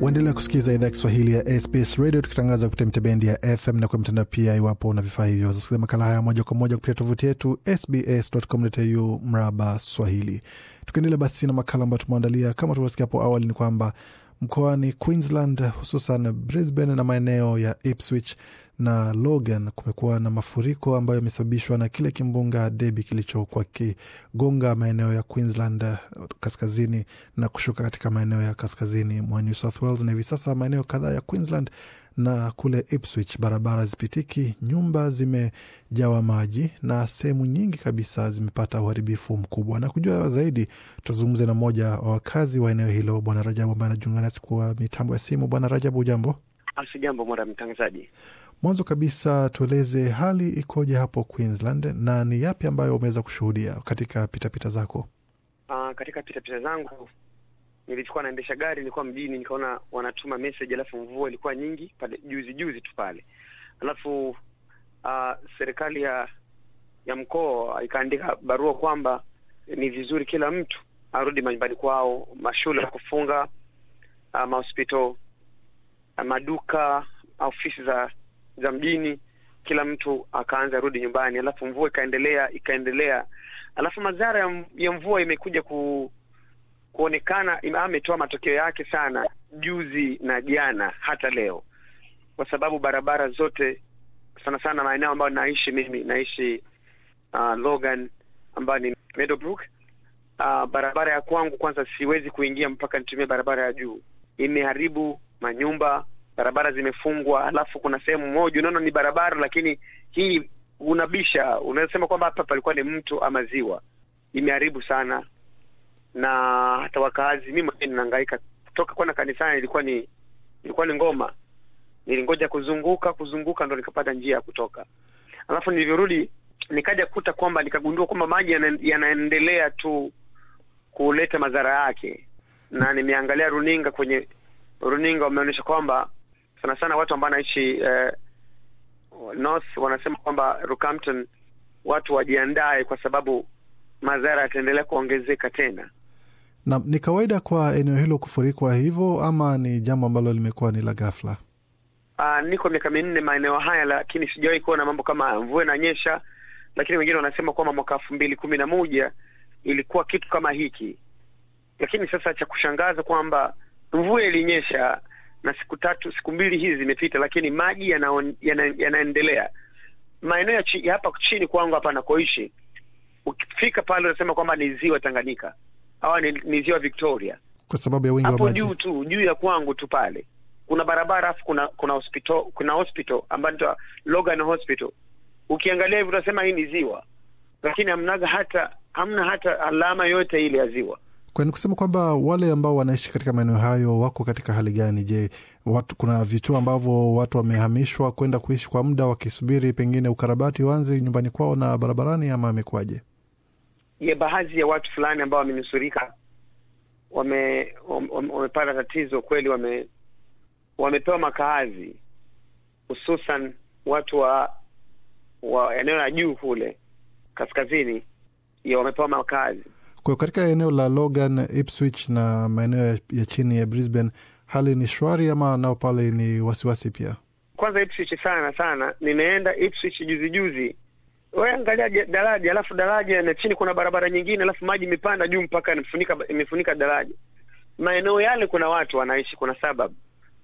Waendelea kusikiliza idhaa ya Kiswahili ya SBS Radio, tukitangaza kupitia mitabendi ya FM na kwenye mtandao pia. Iwapo una vifaa hivyo, zasikiliza makala haya moja kwa moja kupitia tovuti yetu sbs.com.au mraba Swahili. Tukiendelea basi na makala ambayo tumeandalia, kama tulivyosikia hapo awali, ni kwamba mkoani Queensland, hususan Brisbane na maeneo ya Ipswich na Logan kumekuwa na mafuriko ambayo yamesababishwa na kile kimbunga Debi kilichokuwa kigonga maeneo ya Queensland eh, kaskazini na kushuka katika maeneo ya kaskazini mwa New South Wales, na hivi sasa maeneo kadhaa ya Queensland na kule Ipswich barabara zipitiki, nyumba zimejawa maji na sehemu nyingi kabisa zimepata uharibifu mkubwa. Na kujua zaidi, tuzungumze na mmoja wa wakazi wa eneo hilo, Bwana Rajabu ambaye anajiunga nasi kwa mitambo ya simu. Bwana Rajabu, ujambo? jambo mwana mtangazaji. Mwanzo kabisa tueleze hali ikoje hapo Queensland na ni yapi ambayo umeweza kushuhudia katika pitapita pita zako? Uh, katika pitapita pita zangu nilichukua naendesha gari, nilikuwa mjini, nikaona wanatuma message, alafu mvua ilikuwa nyingi pale juzi juzi tu pale, alafu uh, serikali ya ya mkoa ikaandika barua kwamba ni vizuri kila mtu arudi manyumbani kwao, mashule kufunga, uh, mahospitali Eh, maduka, ofisi za za mjini, kila mtu akaanza rudi nyumbani, alafu mvua ikaendelea ikaendelea, alafu madhara ya mvua imekuja ku, kuonekana ametoa matokeo yake sana juzi na jana, hata leo, kwa sababu barabara zote sana sana maeneo ambayo naishi mimi, naishi uh, Logan ambayo ni Meadowbrook. Uh, barabara ya kwangu kwanza siwezi kuingia mpaka nitumie barabara ya juu, imeharibu manyumba, barabara zimefungwa, alafu kuna sehemu moja unaona ni barabara, lakini hii unabisha, unasema kwamba hapa palikuwa ni mtu ama ziwa. Imeharibu sana na hata wakazi, mimi mwenyewe ninahangaika kutoka kwenda kanisani, ilikuwa ni ilikuwa ni ngoma, nilingoja kuzunguka kuzunguka, ndo nikapata njia ya kutoka, alafu nilivyorudi nikaja kuta kwamba nikagundua kwamba maji yanaendelea tu kuleta madhara yake, na nimeangalia runinga kwenye runinga wameonyesha kwamba sana sana watu ambao wanaishi eh, north wanasema kwamba Rockhampton watu wajiandae, kwa sababu madhara yataendelea kuongezeka tena. Na ni kawaida kwa eneo hilo kufurikwa hivyo, ama ni jambo ambalo limekuwa ni la ghafla? Uh, niko miaka minne maeneo haya, lakini sijawahi kuona mambo kama mvua inanyesha, lakini wengine wanasema kwamba mwaka elfu mbili kumi na moja ilikuwa kitu kama hiki, lakini sasa cha kushangaza kwamba mvua ilinyesha na siku tatu siku mbili hizi zimepita, lakini maji yanaendelea yana, yana maeneo ya chi, hapa chini kwangu hapa nakoishi, ukifika pale unasema kwamba ni ziwa Tanganyika au ni, ni ziwa Victoria kwa sababu ya wingi wa maji. Hapo juu tu juu ya kwangu tu pale kuna barabara afu kuna kuna hospital kuna hospital ambayo Logan Hospital. Ukiangalia hivi utasema hii ni ziwa, lakini hamnaga hata hamna hata alama yote ile ya ziwa ni kusema kwamba wale ambao wanaishi katika maeneo hayo wako katika hali gani? Je, watu, kuna vituo ambavyo watu wamehamishwa kwenda kuishi kwa muda wakisubiri pengine ukarabati uanze nyumbani kwao na barabarani, ama amekuwaje? Ye, baadhi ya watu fulani ambao wamenusurika wamepata wame, wame, wame tatizo kweli, wame wamepewa makazi hususan watu wa wa eneo la juu kule kaskazini, ya wamepewa makazi kwa hiyo katika eneo la Logan, Ipswich na maeneo ya chini ya Brisbane hali ni shwari ama nao pale ni wasiwasi pia? Kwanza Ipswich sana sana, nimeenda Ipswich juzi juzi. Wewe angalia daraja, alafu daraja na chini kuna barabara nyingine, alafu maji imepanda juu mpaka imefunika imefunika daraja. Maeneo yale kuna watu wanaishi, kuna sababu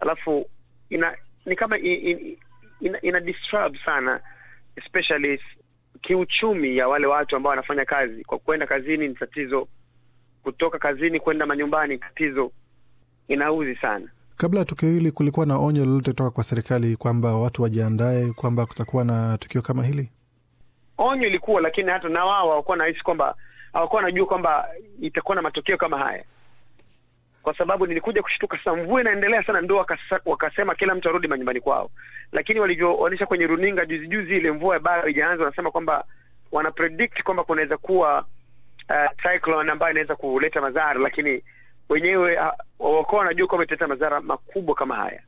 alafu ina ni kama in, in, ina, ina disturb sana especially kiuchumi ya wale watu ambao wanafanya kazi. Kwa kwenda kazini ni tatizo, kutoka kazini kwenda manyumbani tatizo, inauzi sana. Kabla ya tukio hili kulikuwa na onyo lolote toka kwa serikali kwamba watu wajiandae kwamba kutakuwa na tukio kama hili? Onyo ilikuwa, lakini hata na wao hawakuwa nahisi kwamba hawakuwa wanajua kwamba itakuwa na matokeo kama haya kwa sababu nilikuja kushtuka sasa mvua inaendelea sana, ndio wakasa, wakasema kila mtu arudi manyumbani kwao, lakini walivyoonyesha kwenye runinga juzi juzi, ile mvua bado haijaanza, wanasema kwamba wana predict kwamba kunaweza kuwa uh, cyclone ambayo inaweza kuleta madhara, lakini wenyewe uh, wakoa wanajua kwamba italeta madhara makubwa kama haya.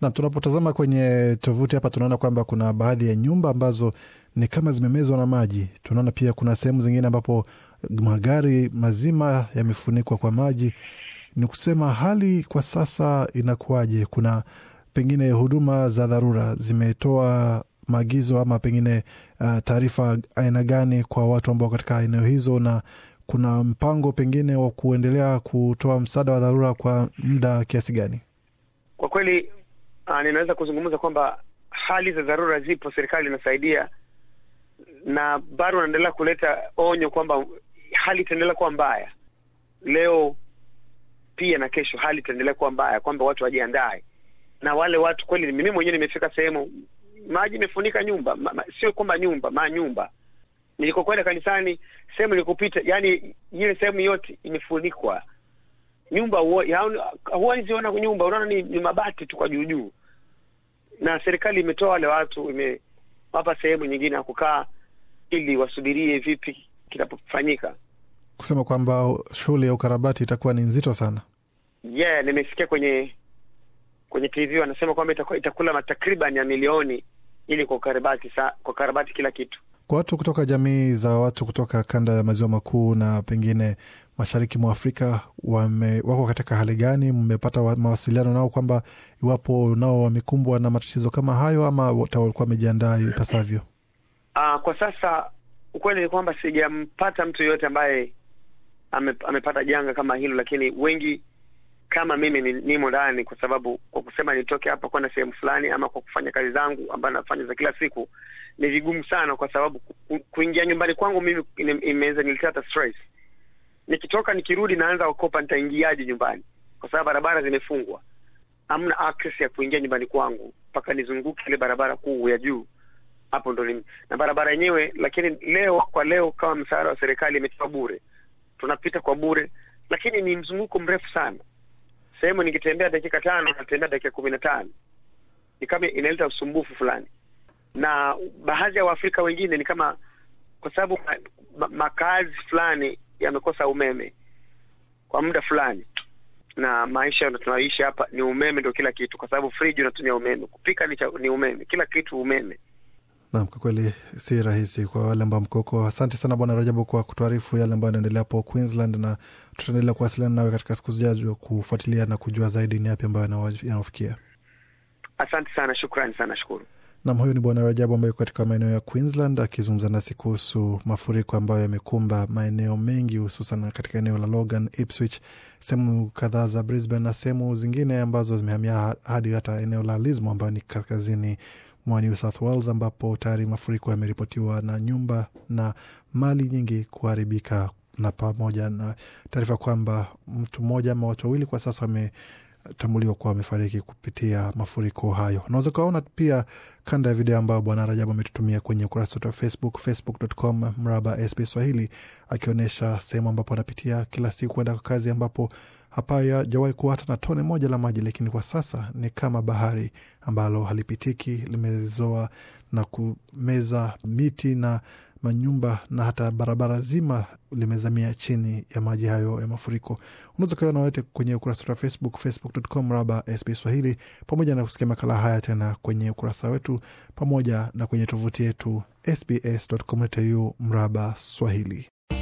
Na tunapotazama kwenye tovuti hapa tunaona kwamba kuna baadhi ya nyumba ambazo ni kama zimemezwa na maji. Tunaona pia kuna sehemu zingine ambapo magari mazima yamefunikwa kwa maji ni kusema hali kwa sasa inakuwaje? Kuna pengine huduma za dharura zimetoa maagizo ama pengine uh, taarifa aina gani kwa watu ambao katika eneo hizo, na kuna mpango pengine wa kuendelea kutoa msaada wa dharura kwa muda kiasi gani? Kwa kweli uh, ninaweza kuzungumza kwamba hali za dharura zipo, serikali inasaidia na bado wanaendelea kuleta onyo kwamba hali itaendelea kuwa mbaya. Leo pia na kesho hali itaendelea kuwa mbaya, kwamba watu wajiandae. Na wale watu kweli, mimi mwenyewe nimefika sehemu maji imefunika nyumba ma, ma, sio kwamba nyumba ma nyumba. Nilikokwenda kanisani, sehemu nilikopita, yani ile sehemu yote imefunikwa nyumba, huwezi ona nyumba, unaona ni, ni mabati tu kwa juu juu, na serikali imetoa wale watu, imewapa sehemu nyingine ya kukaa ili wasubirie vipi kinapofanyika kusema kwamba shughuli ya ukarabati itakuwa ni nzito sana. Yeah, nimesikia kwenye kwenye TV wanasema kwamba itakula takriban ya milioni ili kwa ukarabati sa, kwa ukarabati kila kitu kwa watu kutoka jamii za watu kutoka kanda ya maziwa makuu na pengine mashariki mwa Afrika wame, wako katika hali gani? Mmepata mawasiliano nao kwamba iwapo nao wamekumbwa na matatizo kama hayo, ama walikuwa wamejiandaa ipasavyo? Uh, kwa sasa ukweli ni kwamba sijampata mtu yoyote ambaye ame, amepata janga kama hilo, lakini wengi kama mimi ni, nimo ndani kwa sababu kwa kusema nitoke hapa kwenda sehemu fulani ama kwa kufanya kazi zangu ambayo nafanya za kila siku ni vigumu sana, kwa sababu ku, kuingia nyumbani kwangu mimi imeweza nilitata stress. Nikitoka nikirudi naanza kukopa, nitaingiaje nyumbani? Kwa sababu barabara zimefungwa, hamna access ya kuingia nyumbani kwangu mpaka nizunguke ile barabara kuu ya juu, hapo ndo na barabara yenyewe. Lakini leo kwa leo, kama msaada wa serikali imetoa bure tunapita kwa bure, lakini ni mzunguko mrefu sana. Sehemu nikitembea dakika tano natembea dakika kumi na tano ni kama inaleta usumbufu fulani, na baadhi ya Waafrika wengine ni kama kwa sababu makazi fulani yamekosa umeme kwa muda fulani, na maisha tunaoishi hapa ni umeme ndio kila kitu, kwa sababu friji unatumia umeme, kupika ni umeme, kila kitu umeme. Nam, kwa kweli si rahisi kwa wale ambao mkoko. Asante sana Bwana Rajabu kwa kutuarifu yale ambayo yanaendelea hapo Queensland, na tutaendelea kuwasiliana nawe katika siku zijazo kufuatilia na kujua zaidi ni yapi ambayo yanaofikia. Asante sana, shukrani sana, shukuru. Nam, huyu ni Bwana Rajabu ambaye katika maeneo ya Queensland akizungumza nasi kuhusu mafuriko ambayo yamekumba maeneo mengi, hususan katika eneo la Logan, Ipswich, sehemu kadhaa za Brisbane na sehemu zingine ambazo zimehamia hadi hata eneo la Lismo ambayo ni kaskazini mwa New South Wales ambapo tayari mafuriko yameripotiwa na nyumba na mali nyingi kuharibika, na pamoja na taarifa kwamba mtu mmoja ama watu wawili kwa sasa wame tambuliwa kuwa wamefariki kupitia mafuriko hayo. Unaweza ukaona pia kanda ya video ambayo Bwana Rajabu ametutumia kwenye ukurasa wetu wa Facebook, facebook.com mraba sb Swahili, akionyesha sehemu ambapo anapitia kila siku kwenda kwa kazi, ambapo yajawahi kuwa hata na tone moja la maji, lakini kwa sasa ni kama bahari ambalo halipitiki, limezoa na kumeza miti na manyumba na hata barabara zima limezamia chini ya maji hayo ya mafuriko. Unaweza ukaona yote kwenye ukurasa wetu wa Facebook, facebook.com raba sb Swahili, pamoja na kusikia makala haya tena kwenye ukurasa wetu pamoja na kwenye tovuti yetu sbs.com.au mraba Swahili.